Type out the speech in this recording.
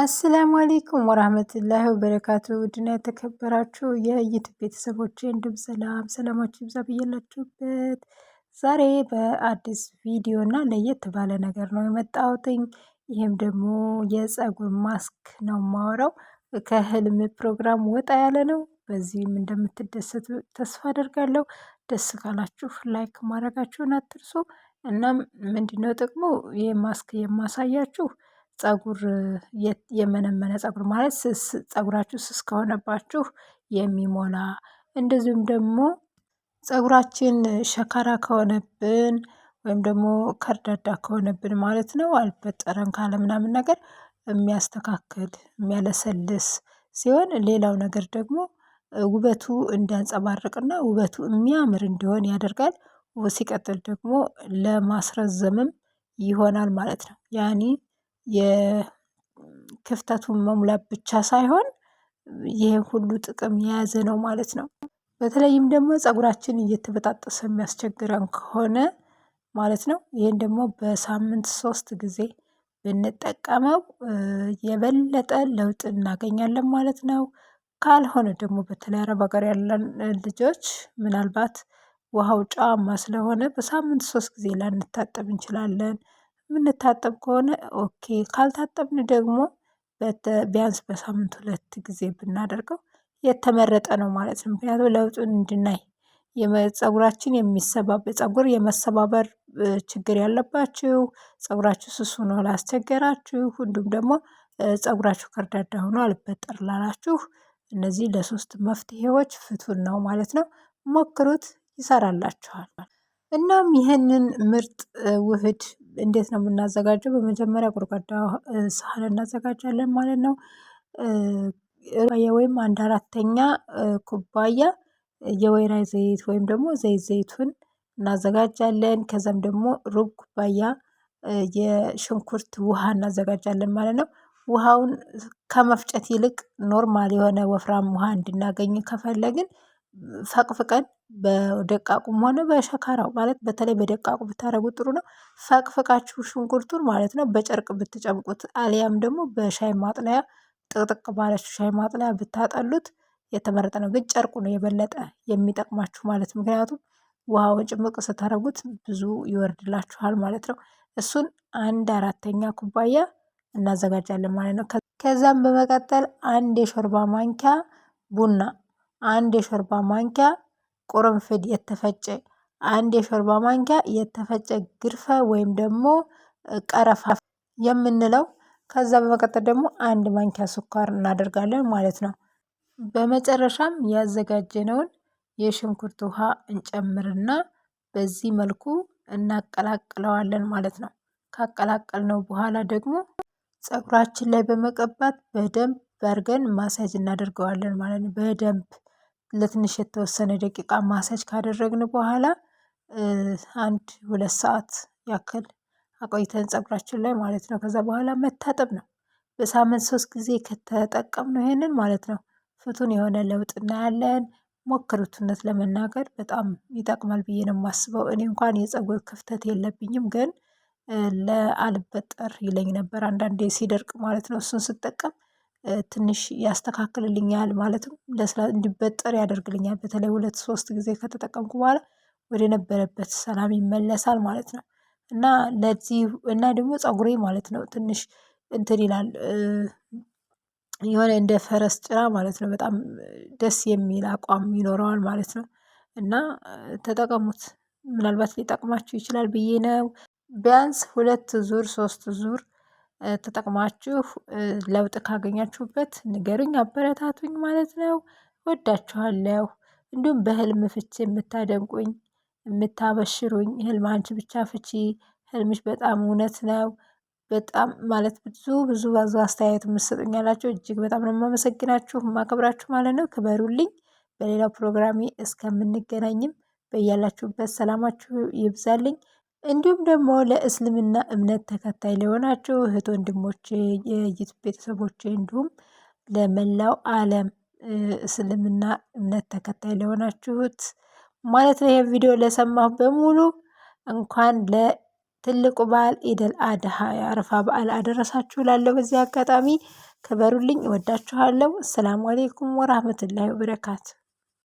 አሰላሙ አሌይኩም ወራህመቱላሂ ወበረካቱ ውድና የተከበራችሁ የዩቱብ ቤተሰቦች እንድም ሰላም ሰላማችሁ ይብዛ ብያላችሁበት። ዛሬ በአዲስ ቪዲዮ እና ለየት ባለ ነገር ነው የመጣሁትኝ። ይህም ደግሞ የፀጉር ማስክ ነው ማወራው። ከህልም ፕሮግራም ወጣ ያለ ነው። በዚህም እንደምትደሰቱ ተስፋ አደርጋለሁ። ደስ ካላችሁ ላይክ ማድረጋችሁን አትርሱ። እናም ምንድነው ጥቅሙ ይህ ማስክ የማሳያችሁ ፀጉር የመነመነ ፀጉር ማለት ስስ ስስ ከሆነባችሁ የሚሞላ እንደዚሁም ደግሞ ፀጉራችን ሸካራ ከሆነብን ወይም ደግሞ ከርዳዳ ከሆነብን ማለት ነው አልበጠረን ካለ ምናምን ነገር የሚያስተካክል የሚያለሰልስ ሲሆን ሌላው ነገር ደግሞ ውበቱ እንዲያንጸባርቅና ውበቱ የሚያምር እንዲሆን ያደርጋል። ሲቀጥል ደግሞ ለማስረዘምም ይሆናል ማለት ነው። ያኒ የክፍተቱን መሙላት ብቻ ሳይሆን ይህን ሁሉ ጥቅም የያዘ ነው ማለት ነው። በተለይም ደግሞ ጸጉራችን እየተበጣጠሰ የሚያስቸግረን ከሆነ ማለት ነው ይህን ደግሞ በሳምንት ሶስት ጊዜ ብንጠቀመው የበለጠ ለውጥ እናገኛለን ማለት ነው። ካልሆነ ደግሞ በተለይ አረብ ሀገር ያለን ልጆች ምናልባት ውሃው ጨዋማ ስለሆነ በሳምንት ሶስት ጊዜ ላንታጠብ እንችላለን የምንታጠብ ከሆነ ኦኬ፣ ካልታጠብን ደግሞ ቢያንስ በሳምንት ሁለት ጊዜ ብናደርገው የተመረጠ ነው ማለት ነው። ምክንያቱም ለውጡን እንድናይ ጸጉራችን የሚሰባበር ጸጉር የመሰባበር ችግር ያለባችሁ ፀጉራችሁ ስሱ ነው ላስቸገራችሁ፣ እንዲሁም ደግሞ ፀጉራችሁ ከርዳዳ ሆኖ አልበጠር ላላችሁ እነዚህ ለሶስት መፍትሄዎች ፍቱን ነው ማለት ነው። ሞክሩት፣ ይሰራላችኋል። እናም ይህንን ምርጥ ውህድ እንዴት ነው የምናዘጋጀው? በመጀመሪያ ጎድጓዳ ሳህን እናዘጋጃለን ማለት ነው። ወይም አንድ አራተኛ ኩባያ የወይራ ዘይት ወይም ደግሞ ዘይት ዘይቱን እናዘጋጃለን። ከዛም ደግሞ ሩብ ኩባያ የሽንኩርት ውሃ እናዘጋጃለን ማለት ነው። ውሃውን ከመፍጨት ይልቅ ኖርማል የሆነ ወፍራም ውሃ እንድናገኝ ከፈለግን ፈቅፍቀን በደቃቁም ሆነ በሸካራው ማለት በተለይ በደቃቁ ብታደረጉት ጥሩ ነው። ፈቅፍቃችሁ ሽንኩርቱን ማለት ነው በጨርቅ ብትጨምቁት አሊያም ደግሞ በሻይ ማጥለያ ጥቅጥቅ ባለችው ሻይ ማጥለያ ብታጠሉት የተመረጠ ነው። ግን ጨርቁ ነው የበለጠ የሚጠቅማችሁ ማለት ምክንያቱም ውሃውን ጭምቅ ስታደረጉት ብዙ ይወርድላችኋል ማለት ነው። እሱን አንድ አራተኛ ኩባያ እናዘጋጃለን ማለት ነው። ከዛም በመቀጠል አንድ የሾርባ ማንኪያ ቡና አንድ የሾርባ ማንኪያ ቁርንፍድ የተፈጨ አንድ የሾርባ ማንኪያ የተፈጨ ግርፈ ወይም ደግሞ ቀረፋ የምንለው። ከዛ በመቀጠል ደግሞ አንድ ማንኪያ ስኳር እናደርጋለን ማለት ነው። በመጨረሻም ያዘጋጀነውን የሽንኩርት ውሃ እንጨምርና በዚህ መልኩ እናቀላቅለዋለን ማለት ነው። ካቀላቀልነው በኋላ ደግሞ ፀጉራችን ላይ በመቀባት በደንብ በርገን ማሳጅ እናደርገዋለን ማለት ነው። በደንብ ለትንሽ የተወሰነ ደቂቃ ማሳጅ ካደረግን በኋላ አንድ ሁለት ሰዓት ያክል አቆይተን ፀጉራችን ላይ ማለት ነው። ከዛ በኋላ መታጠብ ነው። በሳምንት ሶስት ጊዜ ከተጠቀምነው ይሄንን ማለት ነው ፍቱን የሆነ ለውጥ እናያለን። ሞክሩትነት ለመናገር በጣም ይጠቅማል ብዬ ነው የማስበው። እኔ እንኳን የፀጉር ክፍተት የለብኝም ግን ለአልበጠር ይለኝ ነበር አንዳንዴ ሲደርቅ ማለት ነው። እሱን ስጠቀም ትንሽ ያስተካክልልኛል ማለትም ለስራ እንዲበጠር ያደርግልኛል። በተለይ ሁለት ሶስት ጊዜ ከተጠቀምኩ በኋላ ወደ ነበረበት ሰላም ይመለሳል ማለት ነው። እና ለዚህ እና ደግሞ ፀጉሬ ማለት ነው ትንሽ እንትን ይላል የሆነ እንደ ፈረስ ጭራ ማለት ነው በጣም ደስ የሚል አቋም ይኖረዋል ማለት ነው። እና ተጠቀሙት ምናልባት ሊጠቅማችሁ ይችላል ብዬ ነው። ቢያንስ ሁለት ዙር ሶስት ዙር ተጠቅማችሁ ለውጥ ካገኛችሁበት ንገሩኝ፣ አበረታቱኝ ማለት ነው። ወዳችኋለሁ። እንዲሁም በህልም ፍቺ የምታደንቁኝ የምታበሽሩኝ ህልም አንቺ ብቻ ፍቺ ህልምሽ በጣም እውነት ነው። በጣም ማለት ብዙ ብዙ ብዙ አስተያየት የምትሰጡኝ ያላችሁ እጅግ በጣም ነው የማመሰግናችሁ የማከብራችሁ ማለት ነው። ክበሩልኝ። በሌላው ፕሮግራሜ እስከምንገናኝም በያላችሁበት ሰላማችሁ ይብዛልኝ። እንዲሁም ደግሞ ለእስልምና እምነት ተከታይ ለሆናችሁ እህት ወንድሞቼ፣ የይት ቤተሰቦቼ እንዲሁም ለመላው ዓለም እስልምና እምነት ተከታይ ለሆናችሁት ማለት ነው ይህም ቪዲዮ ለሰማሁ በሙሉ እንኳን ለትልቁ በዓል ኢደል አድሃ የአረፋ በዓል አደረሳችሁ። ላለው በዚህ አጋጣሚ ክበሩልኝ። እወዳችኋለሁ። አሰላሙ አሌይኩም ወራህመቱላሂ ወበረካቱ